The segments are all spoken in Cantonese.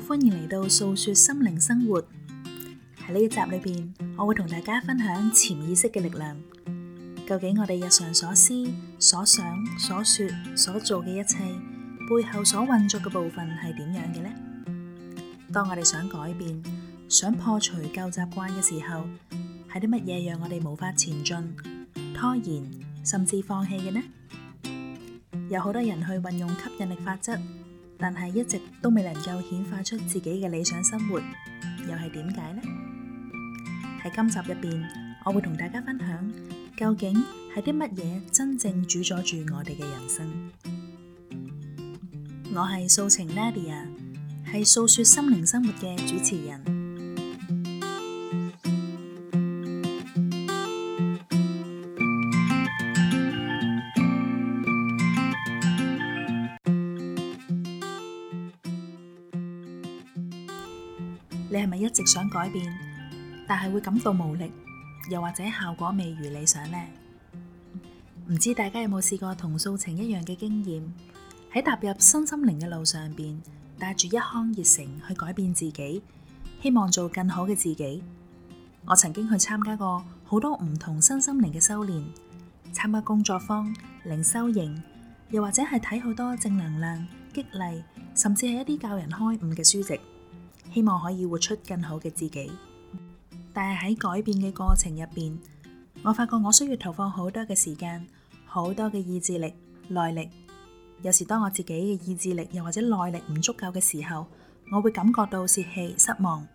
歡迎嚟到素說心靈生活。喺呢一集裏邊，我會同大家分享潛意識嘅力量。究竟我哋日常所思、所想、所說、所做嘅一切，背後所運作嘅部分係點樣嘅呢？當我哋想改變、想破除舊習慣嘅時候，係啲乜嘢讓我哋無法前進、拖延，甚至放棄嘅呢？有好多人去運用吸引力法則。但係一直都未能夠顯化出自己嘅理想生活，又係點解呢？喺今集入邊，我會同大家分享，究竟係啲乜嘢真正主宰住我哋嘅人生？我係素晴 Nadia，係素說心靈生活嘅主持人。一直想改變，但係會感到無力，又或者效果未如理想呢？唔知大家有冇試過同素晴一樣嘅經驗？喺踏入身心靈嘅路上邊，帶住一腔熱誠去改變自己，希望做更好嘅自己。我曾經去參加過好多唔同身心靈嘅修煉，參加工作坊、靈修營，又或者係睇好多正能量激勵，甚至係一啲教人開悟嘅書籍。希望可以活出更好嘅自己，但係喺改變嘅過程入邊，我發覺我需要投放好多嘅時間、好多嘅意志力、耐力。有時當我自己嘅意志力又或者耐力唔足夠嘅時候，我會感覺到洩氣、失望，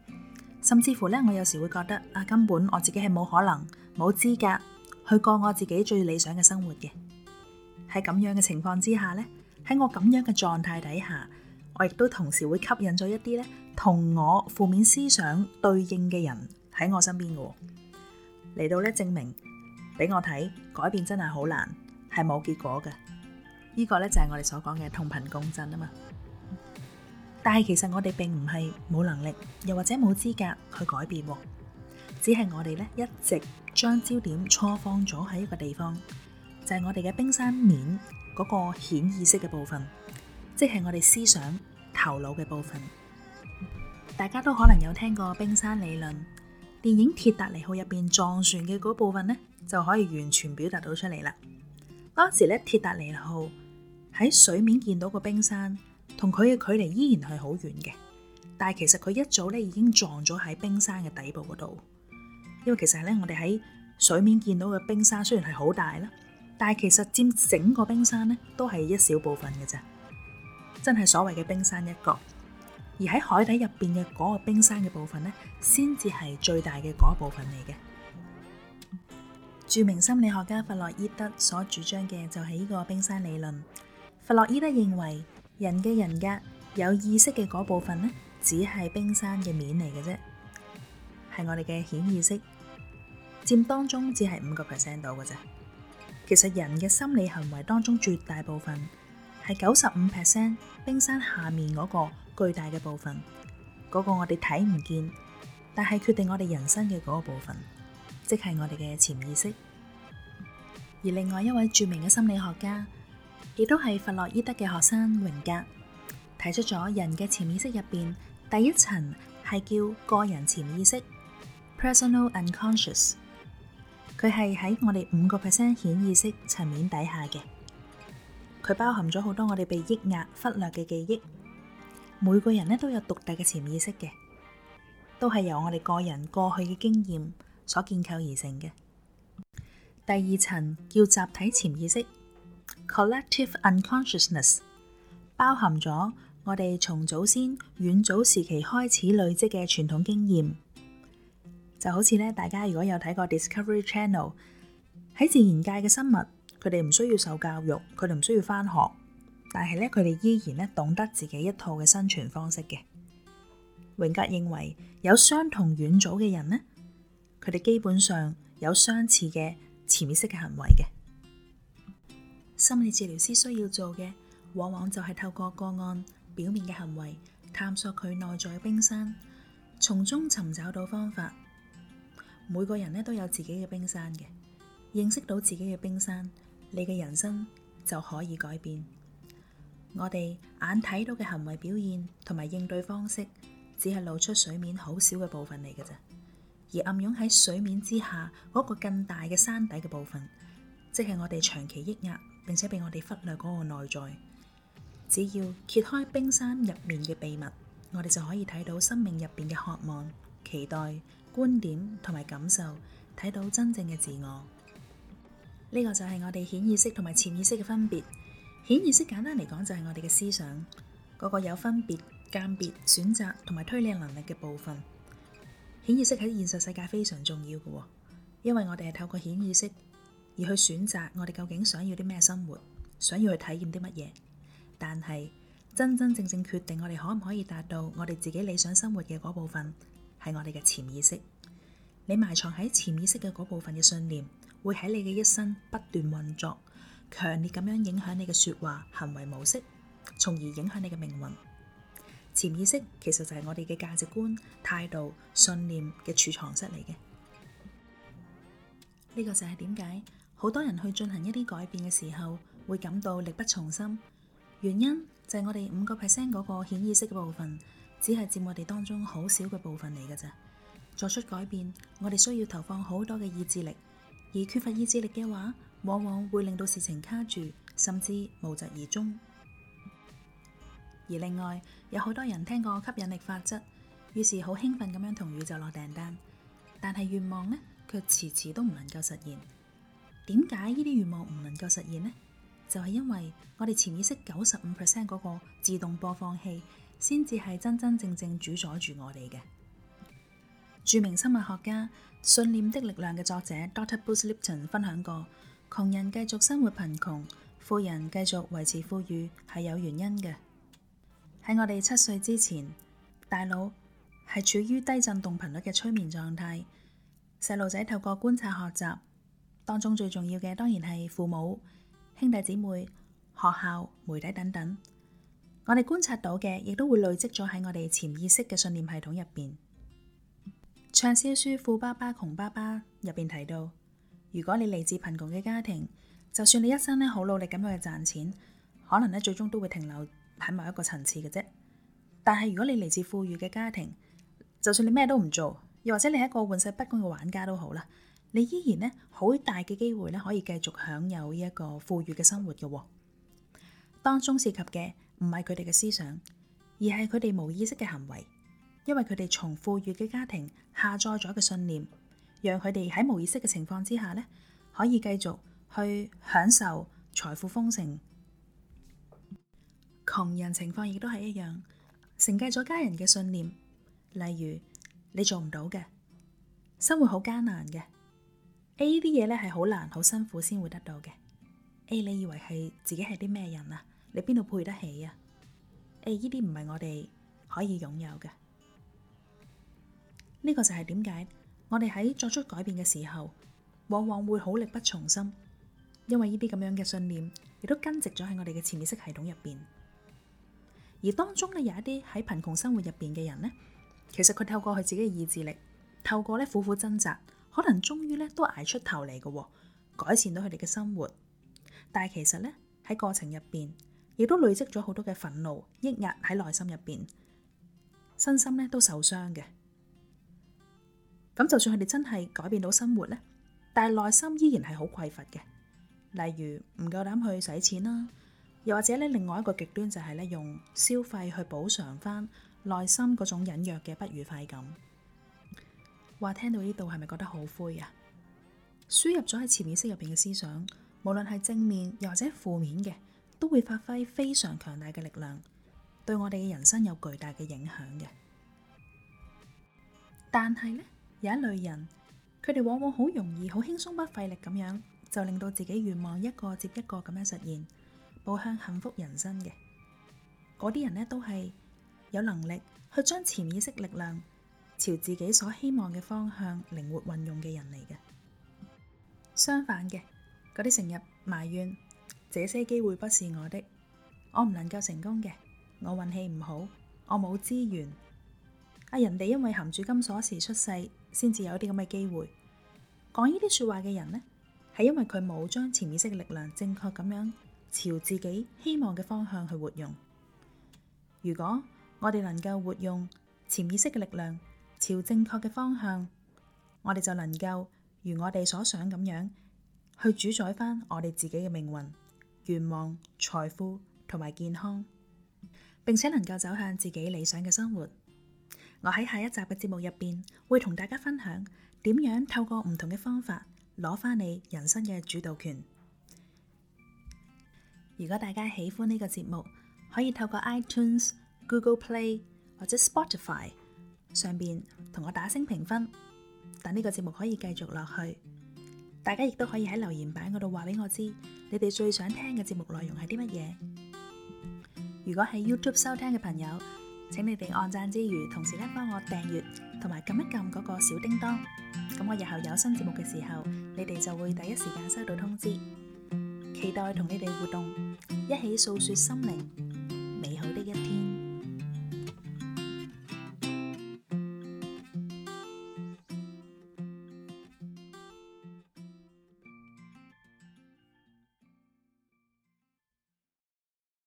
甚至乎呢，我有時會覺得啊，根本我自己係冇可能、冇資格去過我自己最理想嘅生活嘅。喺咁樣嘅情況之下呢，喺我咁樣嘅狀態底下。我亦都同時會吸引咗一啲咧同我負面思想對應嘅人喺我身邊嘅，嚟到咧證明俾我睇，改變真係好難，係冇結果嘅。呢個咧就係我哋所講嘅同頻共振啊嘛。但係其實我哋並唔係冇能力，又或者冇資格去改變，只係我哋咧一直將焦點錯放咗喺一個地方，就係我哋嘅冰山面嗰個顯意識嘅部分。即係我哋思想頭腦嘅部分，大家都可能有聽過冰山理論。電影《鐵達尼號》入邊撞船嘅嗰部分呢，就可以完全表達到出嚟啦。當時咧，鐵達尼號喺水面見到個冰山，同佢嘅距離依然係好遠嘅。但係其實佢一早咧已經撞咗喺冰山嘅底部嗰度。因為其實咧，我哋喺水面見到嘅冰山雖然係好大啦，但係其實佔整個冰山咧都係一小部分嘅咋。真係所謂嘅冰山一角，而喺海底入邊嘅嗰個冰山嘅部分呢，先至係最大嘅嗰部分嚟嘅。著名心理學家弗洛伊德所主張嘅就係呢個冰山理論。弗洛伊德認為，人嘅人格有意識嘅嗰部分呢，只係冰山嘅面嚟嘅啫，係我哋嘅顯意識，佔當中只係五個 percent 度嘅啫。其實人嘅心理行為當中絕大部分。係九十五 percent 冰山下面嗰個巨大嘅部分，嗰個我哋睇唔見，但係決定我哋人生嘅嗰個部分，即係我哋嘅潛意識。而另外一位著名嘅心理學家，亦都係弗洛伊德嘅學生榮格，提出咗人嘅潛意識入邊第一層係叫個人潛意識 （personal unconscious），佢係喺我哋五個 percent 顯意識層面底下嘅。佢包含咗好多我哋被抑壓、忽略嘅記憶。每個人呢都有獨特嘅潛意識嘅，都係由我哋個人過去嘅經驗所建構而成嘅。第二層叫集體潛意識 （Collective Unconsciousness），包含咗我哋從祖先遠祖時期開始累積嘅傳統經驗。就好似呢，大家如果有睇過 Discovery Channel 喺自然界嘅生物。佢哋唔需要受教育，佢哋唔需要返學，但係咧，佢哋依然咧懂得自己一套嘅生存方式嘅。榮格認為有相同遠祖嘅人呢，佢哋基本上有相似嘅潛意識嘅行為嘅。心理治療師需要做嘅，往往就係透過個案表面嘅行為，探索佢內在嘅冰山，從中尋找到方法。每個人咧都有自己嘅冰山嘅，認識到自己嘅冰山，你嘅人生就可以改變。我哋眼睇到嘅行為表現同埋應對方式，只係露出水面好少嘅部分嚟嘅咋。而暗湧喺水面之下嗰個更大嘅山底嘅部分，即係我哋長期抑壓並且被我哋忽略嗰個內在。只要揭開冰山入面嘅秘密，我哋就可以睇到生命入邊嘅渴望、期待、觀點同埋感受，睇到真正嘅自我。呢個就係我哋顯意識同埋潛意識嘅分別。顯意識簡單嚟講就係我哋嘅思想，嗰個有分別、鑑別、選擇同埋推理能力嘅部分。顯意識喺現實世界非常重要嘅，因為我哋係透過顯意識而去選擇我哋究竟想要啲咩生活，想要去體驗啲乜嘢。但係真真正正決定我哋可唔可以達到我哋自己理想生活嘅嗰部分，係我哋嘅潛意識。你埋藏喺潛意識嘅嗰部分嘅信念。會喺你嘅一生不斷運作，強烈咁樣影響你嘅說話行為模式，從而影響你嘅命運。潛意識其實就係我哋嘅價值觀、態度、信念嘅儲藏室嚟嘅。呢個就係點解好多人去進行一啲改變嘅時候會感到力不從心。原因就係我哋五個 percent 嗰個顯意識嘅部分，只係佔我哋當中好少嘅部分嚟嘅。咋作出改變，我哋需要投放好多嘅意志力。而缺乏意志力嘅話，往往會令到事情卡住，甚至無疾而終。而另外，有好多人聽過吸引力法則，於是好興奮咁樣同宇宙落訂單，單，但係願望呢，卻遲遲都唔能夠實現。點解呢啲願望唔能夠實現呢？就係、是、因為我哋潛意識九十五%嗰個自動播放器，先至係真真正正主宰住我哋嘅。著名生物學家、信念的力量嘅作者 Dr. Bruce Lipton 分享過，窮人繼續生活貧窮，富人繼續維持富裕，係有原因嘅。喺我哋七歲之前，大腦係處於低震動頻率嘅催眠狀態。細路仔透過觀察學習，當中最重要嘅當然係父母、兄弟姊妹、學校、媒體等等。我哋觀察到嘅，亦都會累積咗喺我哋潛意識嘅信念系統入邊。暢銷書《富爸爸窮爸爸》入邊提到，如果你嚟自貧窮嘅家庭，就算你一生咧好努力咁樣去賺錢，可能咧最終都會停留喺某一個層次嘅啫。但係如果你嚟自富裕嘅家庭，就算你咩都唔做，又或者你係一個玩世不恭嘅玩家都好啦，你依然咧好大嘅機會咧可以繼續享有呢一個富裕嘅生活嘅。當中涉及嘅唔係佢哋嘅思想，而係佢哋冇意識嘅行為。因為佢哋從富裕嘅家庭下載咗個信念，讓佢哋喺無意識嘅情況之下呢，可以繼續去享受財富豐盛。窮人情況亦都係一樣，承繼咗家人嘅信念，例如你做唔到嘅，生活好艱難嘅，誒呢啲嘢呢係好難、好辛苦先會得到嘅。誒你以為係自己係啲咩人啊？你邊度配得起啊？誒呢啲唔係我哋可以擁有嘅。呢個就係點解我哋喺作出改變嘅時候，往往會好力不從心，因為呢啲咁樣嘅信念亦都根植咗喺我哋嘅潛意識系統入邊。而當中呢有一啲喺貧窮生活入邊嘅人呢，其實佢透過佢自己嘅意志力，透過呢苦苦掙扎，可能終於呢都捱出頭嚟嘅，改善到佢哋嘅生活。但係其實呢，喺過程入邊，亦都累積咗好多嘅憤怒、抑壓喺內心入邊，身心呢都受傷嘅。咁就算佢哋真係改變到生活咧，但係內心依然係好匱乏嘅，例如唔夠膽去使錢啦，又或者咧，另外一個極端就係咧，用消費去補償翻內心嗰種隱約嘅不愉快感。話聽到呢度係咪覺得好灰啊？輸入咗喺潛意識入邊嘅思想，無論係正面又或者負面嘅，都會發揮非常強大嘅力量，對我哋嘅人生有巨大嘅影響嘅。但係咧。有一類人，佢哋往往好容易、好輕鬆、不費力咁樣，就令到自己願望一個接一個咁樣實現，步向幸福人生嘅。嗰啲人呢，都係有能力去將潛意識力量朝自己所希望嘅方向靈活運用嘅人嚟嘅。相反嘅，嗰啲成日埋怨，這些機會不是我的，我唔能夠成功嘅，我運氣唔好，我冇資源，啊人哋因為含住金鎖匙出世，先至有啲咁嘅機會。講呢啲說話嘅人咧，係因為佢冇將潛意識嘅力量正確咁樣朝自己希望嘅方向去活用。如果我哋能夠活用潛意識嘅力量，朝正確嘅方向，我哋就能夠如我哋所想咁樣去主宰翻我哋自己嘅命運、願望、財富同埋健康，並且能夠走向自己理想嘅生活。我喺下一集嘅節目入邊，會同大家分享點樣透過唔同嘅方法攞翻你人生嘅主導權。如果大家喜歡呢個節目，可以透過 iTunes、Google Play 或者 Spotify 上邊同我打聲評分。等呢個節目可以繼續落去，大家亦都可以喺留言板嗰度話俾我知，你哋最想聽嘅節目內容係啲乜嘢。如果喺 YouTube 收聽嘅朋友，請你哋按讚之餘，同時咧幫我訂閱同埋撳一撳嗰個小叮當，咁我日後有新節目嘅時候，你哋就會第一時間收到通知。期待同你哋互動，一起素說心靈美好的一天。